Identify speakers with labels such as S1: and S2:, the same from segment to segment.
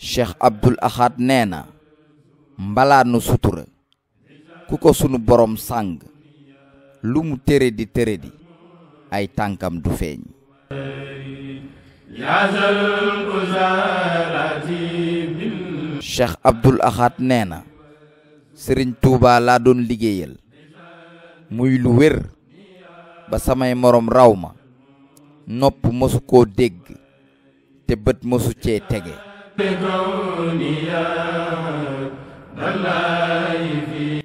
S1: cheikh abdul ahad nee na mbalaanu sutura ku ko sunu borom sàng lu mu tére di tére di ay tànkam du feeñ cheikh abdul axaat nee na sëriñ tuuba laa doon liggéeyal muy lu wér ba samay moroom raw ma nopp mosu koo dégg te bët mësu cee tege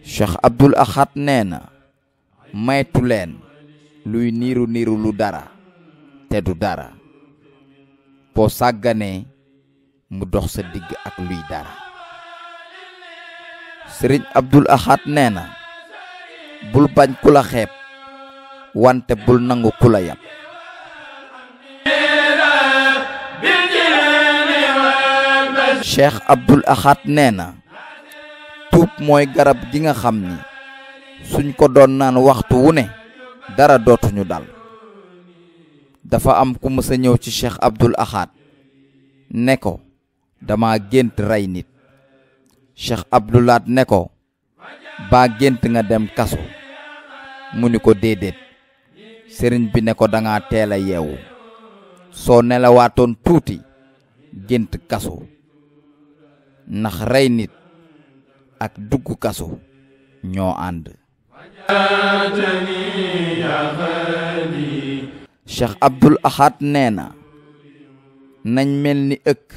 S1: Cheikh Abdoul Ahad nee na maytu luy niiru niiru lu dara te du dara boo sàgganee mu dox sa digg ak luy dara Sëriñ Abdoul Ahad nee na bul bañ ku xeeb wante bul nangu ku la cheikh abdul ahad nee na tuub mooy garab gi nga xam ni suñ ko doon naan waxtu wu ne dara dootuñu dal dafa am ku mësa ñëw ci cheikh abdul axaat ne ko dama gént rey nit cheikh abdulaat ne ko baa gént nga dem kasu mu ni ko déedéet sëriñ bi ne ko danga teel a yeewu soo nelawaatoon tuuti gént kaso ndax rey nit ak dugg kaso ñoo ànd cheikh abdul ahad nee na nañ mel ni ëkk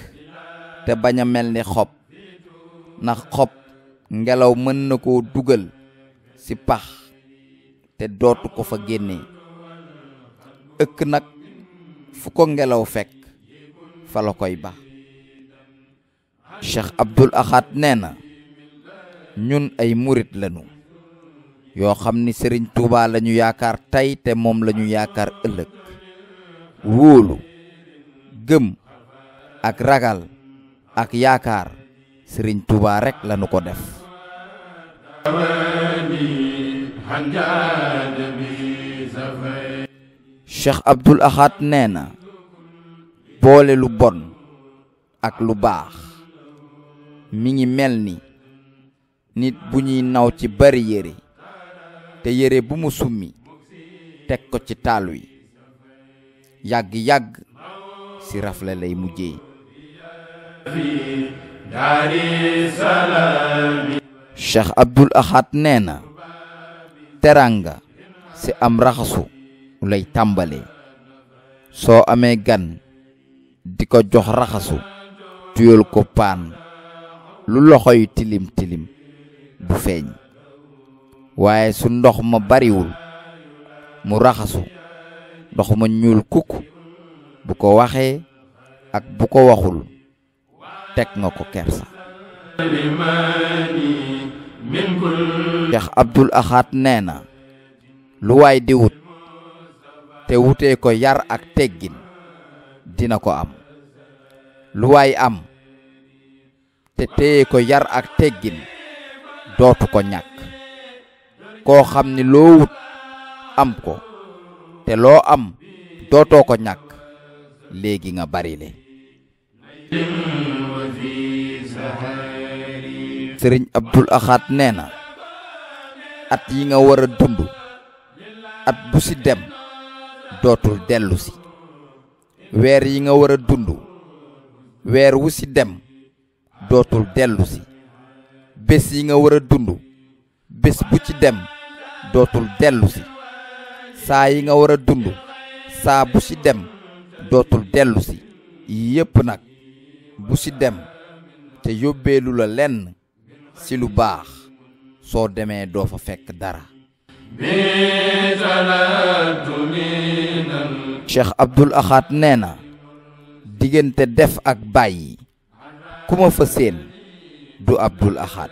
S1: te bañ a mel ni xob ndax xob ngelaw mën na koo dugal si pax te dootu ko fa génnee ëkk nag fu ko ngelaw fekk fa la koy bax Cheikh Abdoul Ahad nee na ñun ay murit lañu yoo xam ni sëriñ Touba lañu yaakaar tey te moom lañu yaakaar ëllëg wóolu gëm ak ragal ak yaakaar sëriñ Touba rek lañu ko def. Cheikh Abdoul Ahad nee na boole lu bon ak lu baax. mi ngi melni nit bu ñuy naw ci bari yere te yere bu mu summi tek ko ci talu yi yag yag si rafle lay mujjé cheikh abdul ahad Nena teranga si am raxasu lay tambalé so amé gan di jox raxasu tuyul ko pan lu loxoy tilim tilim bu feeñ waaye su ndox ma bariwul mu raxasu ndox ma ñuul kukk bu ko waxee ak bu ko waxul teg nga ko kersa Cheikh Abdul Ahad nee na lu waay di wut te wutee ko yar ak teggin dina ko am lu waay am te téye ko yar ak teggin dootu ko ñàkk koo xam ni wut am ko te loo am dootoo ko ñàkk léegi nga bari le sëriñ abdul axaat nee na at yi nga war dund at bu si dem dootul dellu si weer yi nga war a dund weer wu si dem dootul delusi, si bés yi nga war a dund bés bu ci dem dootul delusi, si saa yi nga war a dund saa bu ci dem dootul delusi, si yépp nag bu ci dem te yóbbeelu la lenn si lu baax soo demee doo fa fekk dara cheikh abdul axaat Nena na def ak bàyyi ku ma fa séen du Abdul Ahad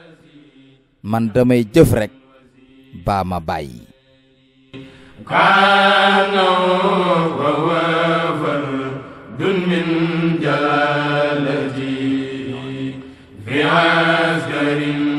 S1: man damay jëf rekk baa ma bàyyi dun min